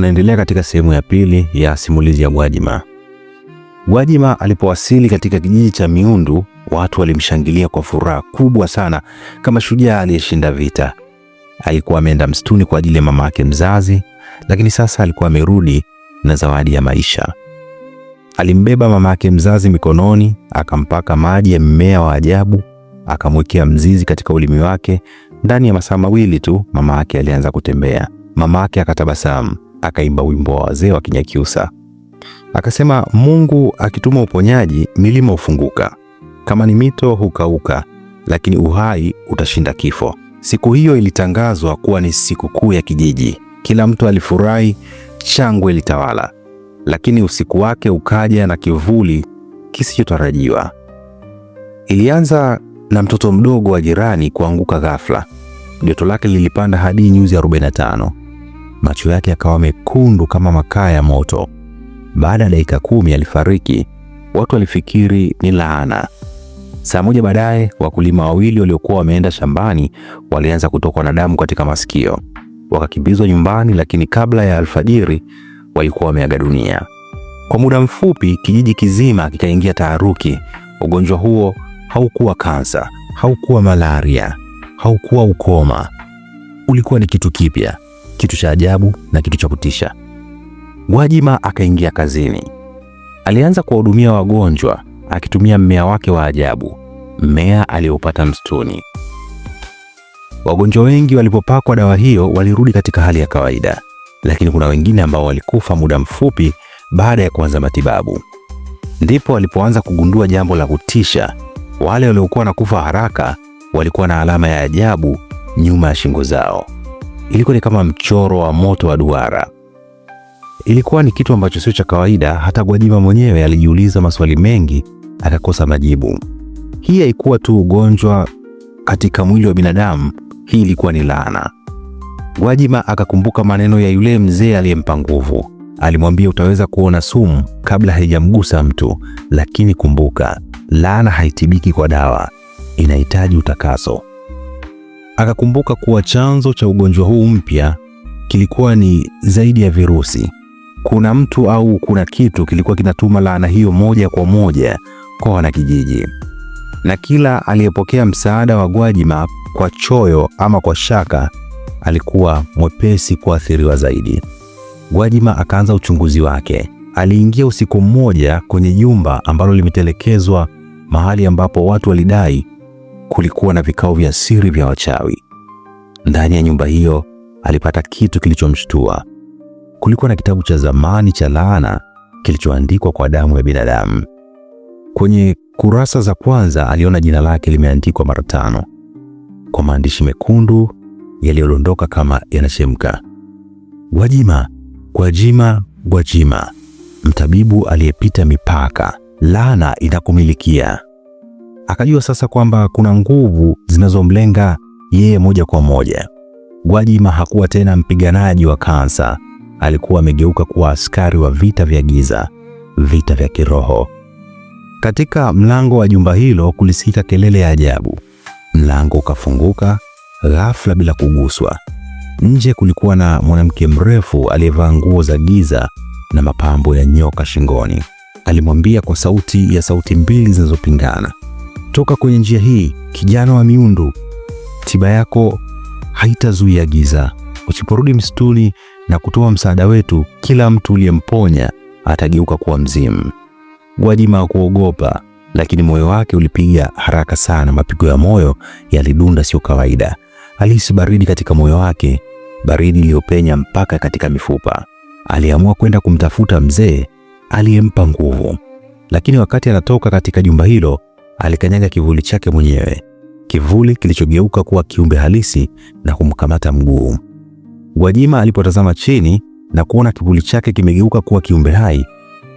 tunaendelea katika sehemu ya pili ya simulizi ya Gwajima. Gwajima alipowasili katika kijiji cha Miundu, watu walimshangilia kwa furaha kubwa sana kama shujaa aliyeshinda vita. Alikuwa ameenda msituni kwa ajili ya mama yake mzazi, lakini sasa alikuwa amerudi na zawadi ya maisha. Alimbeba mama yake mzazi mikononi, akampaka maji ya mmea wa ajabu, akamwekea mzizi katika ulimi wake. Ndani ya masaa mawili tu mama yake alianza kutembea. Mama yake akatabasamu, akaimba wimbo wa wazee wa Kinyakyusa akasema, Mungu akituma uponyaji milima hufunguka, kama ni mito hukauka, lakini uhai utashinda kifo. Siku hiyo ilitangazwa kuwa ni sikukuu ya kijiji. Kila mtu alifurahi, shangwe ilitawala, lakini usiku wake ukaja na kivuli kisichotarajiwa. Ilianza na mtoto mdogo wa jirani kuanguka ghafla, joto lake lilipanda hadi nyuzi 45 macho yake yakawa mekundu kama makaa ya moto. Baada ya dakika kumi alifariki. Watu walifikiri ni laana. Saa moja baadaye, wakulima wawili waliokuwa wameenda shambani walianza kutokwa na damu katika masikio, wakakimbizwa nyumbani, lakini kabla ya alfajiri walikuwa wameaga dunia. Kwa muda mfupi, kijiji kizima kikaingia taharuki. Ugonjwa huo haukuwa kansa, haukuwa malaria, haukuwa ukoma, ulikuwa ni kitu kipya kitu cha ajabu na kitu cha kutisha. Gwajima akaingia kazini. Alianza kuwahudumia wagonjwa akitumia mmea wake wa ajabu, mmea aliopata msituni. Wagonjwa wengi walipopakwa dawa hiyo walirudi katika hali ya kawaida, lakini kuna wengine ambao walikufa muda mfupi baada ya kuanza matibabu. Ndipo walipoanza kugundua jambo la kutisha. Wale waliokuwa na kufa haraka walikuwa na alama ya ajabu nyuma ya shingo zao ilikuwa ni kama mchoro wa moto wa duara. Ilikuwa ni kitu ambacho sio cha kawaida. Hata Gwajima mwenyewe alijiuliza maswali mengi akakosa majibu. Hii haikuwa tu ugonjwa katika mwili wa binadamu, hii ilikuwa ni laana. Gwajima akakumbuka maneno ya yule mzee aliyempa nguvu. Alimwambia, utaweza kuona sumu kabla haijamgusa mtu, lakini kumbuka, laana haitibiki kwa dawa, inahitaji utakaso. Akakumbuka kuwa chanzo cha ugonjwa huu mpya kilikuwa ni zaidi ya virusi. Kuna mtu au kuna kitu kilikuwa kinatuma laana hiyo moja kwa moja kwa wanakijiji, na kila aliyepokea msaada wa Gwajima kwa choyo ama kwa shaka alikuwa mwepesi kuathiriwa zaidi. Gwajima akaanza uchunguzi wake. Aliingia usiku mmoja kwenye jumba ambalo limetelekezwa, mahali ambapo watu walidai kulikuwa na vikao vya siri vya wachawi. Ndani ya nyumba hiyo alipata kitu kilichomshtua. Kulikuwa na kitabu cha zamani cha laana kilichoandikwa kwa damu ya binadamu. Kwenye kurasa za kwanza aliona jina lake limeandikwa mara tano kwa maandishi mekundu yaliyodondoka kama yanachemka. Gwajima, Gwajima, Gwajima, mtabibu aliyepita mipaka, laana inakumilikia. Akajua sasa kwamba kuna nguvu zinazomlenga yeye moja kwa moja. Gwajima hakuwa tena mpiganaji wa kansa, alikuwa amegeuka kuwa askari wa vita vya giza, vita vya kiroho. Katika mlango wa jumba hilo kulisikika kelele ya ajabu. Mlango ukafunguka ghafla bila kuguswa. Nje kulikuwa na mwanamke mrefu aliyevaa nguo za giza na mapambo ya nyoka shingoni. Alimwambia kwa sauti ya sauti mbili zinazopingana, Toka kwenye njia hii, kijana wa miundu. Tiba yako haitazuia giza. Usiporudi msituni na kutoa msaada wetu, kila mtu uliyemponya atageuka kuwa mzimu. Gwajima hakuogopa, lakini moyo wake ulipiga haraka sana. Mapigo ya moyo yalidunda sio kawaida. Alihisi baridi katika moyo wake, baridi iliyopenya mpaka katika mifupa. Aliamua kwenda kumtafuta mzee aliyempa nguvu, lakini wakati anatoka katika jumba hilo alikanyaga kivuli chake mwenyewe, kivuli kilichogeuka kuwa kiumbe halisi na kumkamata mguu. Gwajima alipotazama chini na kuona kivuli chake kimegeuka kuwa kiumbe hai,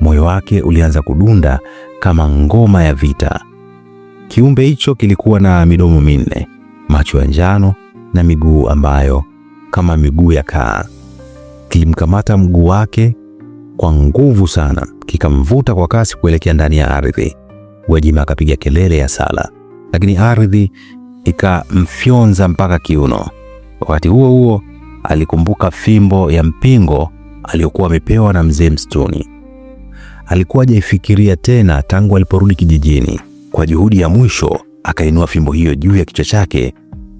moyo wake ulianza kudunda kama ngoma ya vita. Kiumbe hicho kilikuwa na midomo minne, macho ya njano na miguu ambayo kama miguu ya kaa. Kilimkamata mguu wake kwa nguvu sana, kikamvuta kwa kasi kuelekea ndani ya ardhi. Wajima akapiga kelele ya sala, lakini ardhi ikamfyonza mpaka kiuno. Wakati huo huo alikumbuka fimbo ya mpingo aliyokuwa amepewa na mzee msituni. Alikuwa hajaifikiria tena tangu aliporudi kijijini. Kwa juhudi ya mwisho, akainua fimbo hiyo juu ya kichwa chake,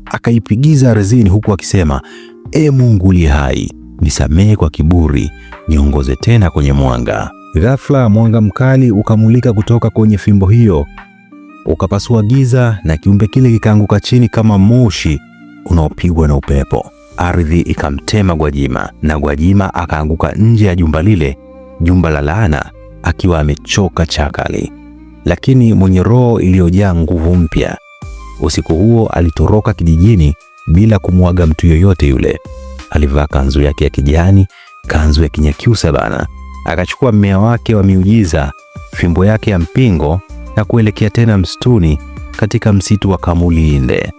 akaipigiza ardhini, huku akisema, E Mungu uliye hai, nisamehe kwa kiburi, niongoze tena kwenye mwanga. Ghafla mwanga mkali ukamulika kutoka kwenye fimbo hiyo, ukapasua giza na kiumbe kile kikaanguka chini kama moshi unaopigwa na upepo. Ardhi ikamtema Gwajima na Gwajima akaanguka nje ya jumba lile, jumba la laana, akiwa amechoka chakali, lakini mwenye roho iliyojaa nguvu mpya. Usiku huo alitoroka kijijini bila kumwaga mtu yoyote yule. Alivaa kanzu yake ya kijani, kanzu ya Kinyakyusa bana akachukua mmea wake wa miujiza, fimbo yake ya mpingo na kuelekea tena msituni katika msitu wa Kamulinde.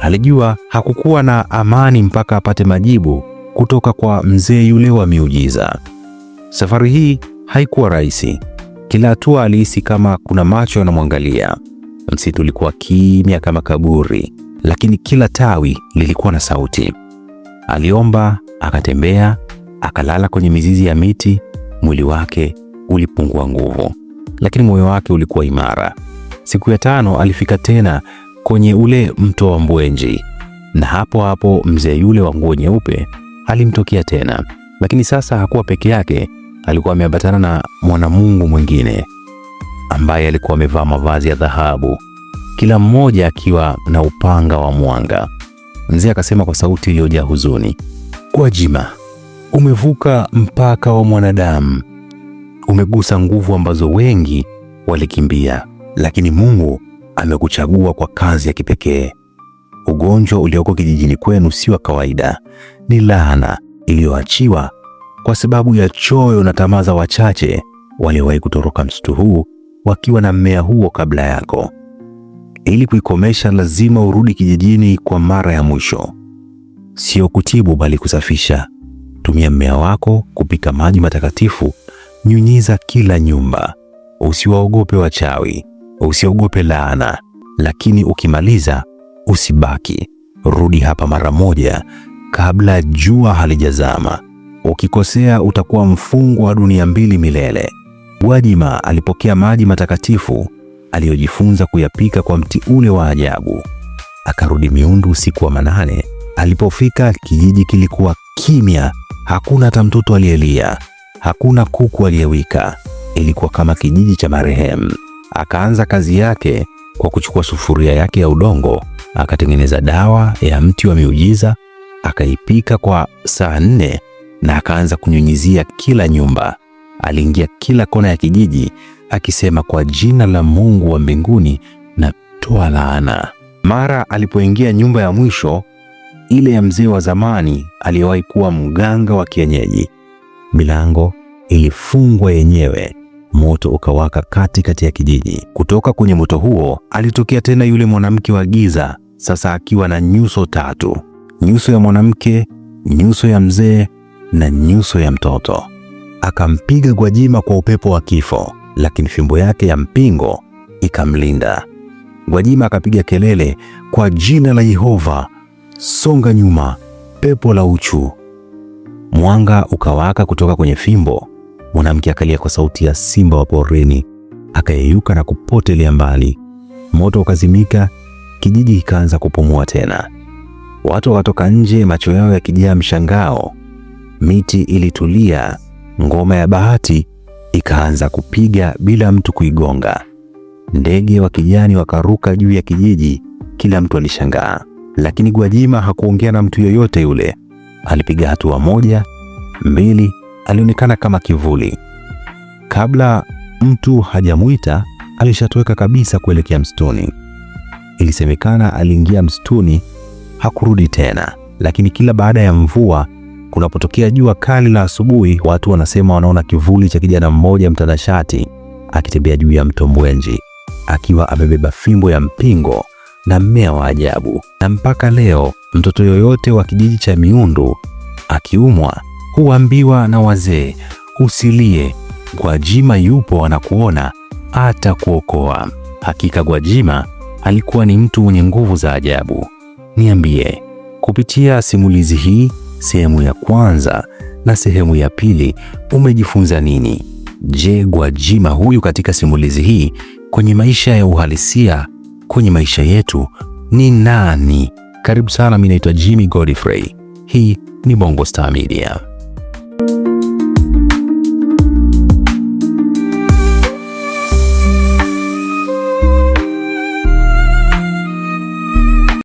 Alijua hakukuwa na amani mpaka apate majibu kutoka kwa mzee yule wa miujiza. Safari hii haikuwa rahisi. Kila hatua alihisi kama kuna macho yanamwangalia. Msitu ulikuwa kimya kama kaburi, lakini kila tawi lilikuwa na sauti. Aliomba, akatembea, akalala kwenye mizizi ya miti Mwili wake ulipungua nguvu, lakini moyo wake ulikuwa imara. Siku ya tano alifika tena kwenye ule mto wa Mbwenji, na hapo hapo mzee yule wa nguo nyeupe alimtokea tena, lakini sasa hakuwa peke yake. Alikuwa ameambatana na mwanamungu mwingine ambaye alikuwa amevaa mavazi ya dhahabu, kila mmoja akiwa na upanga wa mwanga. Mzee akasema kwa sauti iliyojaa huzuni, Gwajima, umevuka mpaka wa mwanadamu, umegusa nguvu ambazo wengi walikimbia, lakini Mungu amekuchagua kwa kazi ya kipekee. Ugonjwa ulioko kijijini kwenu si wa kawaida, ni laana iliyoachiwa kwa sababu ya choyo na tamaa za wachache waliowahi kutoroka msitu huu wakiwa na mmea huo kabla yako. Ili kuikomesha, lazima urudi kijijini kwa mara ya mwisho, sio kutibu, bali kusafisha. Tumia mmea wako kupika maji matakatifu, nyunyiza kila nyumba. Usiwaogope wachawi, usiogope laana, lakini ukimaliza usibaki. Rudi hapa mara moja kabla jua halijazama. Ukikosea utakuwa mfungwa wa dunia mbili milele. Gwajima alipokea maji matakatifu aliyojifunza kuyapika kwa mti ule wa ajabu. Akarudi Miundu usiku wa manane. Alipofika kijiji kilikuwa kimya Hakuna hata mtoto aliyelia, hakuna kuku aliyewika. Ilikuwa kama kijiji cha marehemu. Akaanza kazi yake kwa kuchukua sufuria yake ya udongo, akatengeneza dawa ya mti wa miujiza, akaipika kwa saa nne na akaanza kunyunyizia kila nyumba. Aliingia kila kona ya kijiji akisema, kwa jina la Mungu wa mbinguni na toa laana. Mara alipoingia nyumba ya mwisho ile ya mzee wa zamani aliyewahi kuwa mganga wa kienyeji. Milango ilifungwa yenyewe, moto ukawaka katikati ya kijiji. Kutoka kwenye moto huo alitokea tena yule mwanamke wa giza, sasa akiwa na nyuso tatu: nyuso ya mwanamke, nyuso ya mzee na nyuso ya mtoto. Akampiga Gwajima kwa upepo wa kifo, lakini fimbo yake ya mpingo ikamlinda. Gwajima akapiga kelele kwa jina la Yehova songa nyuma, pepo la uchu. Mwanga ukawaka kutoka kwenye fimbo. Mwanamke akalia kwa sauti ya simba wa porini, akayeyuka na kupotelea mbali. Moto ukazimika, kijiji kikaanza kupumua tena. Watu wakatoka nje, macho yao yakijaa mshangao. Miti ilitulia, ngoma ya bahati ikaanza kupiga bila mtu kuigonga. Ndege wa kijani wakaruka juu ya kijiji, kila mtu alishangaa lakini Gwajima hakuongea na mtu yoyote yule. Alipiga hatua moja mbili, alionekana kama kivuli. Kabla mtu hajamwita alishatoweka kabisa kuelekea msituni. Ilisemekana aliingia msituni hakurudi tena, lakini kila baada ya mvua kunapotokea jua kali la asubuhi, watu wanasema wanaona kivuli cha kijana mmoja mtanashati akitembea juu ya mto Mbwenji akiwa amebeba fimbo ya mpingo na mmea wa ajabu, na mpaka leo mtoto yoyote wa kijiji cha Miundu akiumwa huambiwa na wazee, usilie, Gwajima yupo anakuona, atakuokoa. Hakika Gwajima alikuwa ni mtu mwenye nguvu za ajabu. Niambie, kupitia simulizi hii sehemu ya kwanza na sehemu ya pili, umejifunza nini? Je, Gwajima huyu katika simulizi hii kwenye maisha ya uhalisia kwenye maisha yetu ni nani? Karibu sana, mimi naitwa Jimmy Godfrey. Hii ni Bongo Star Media.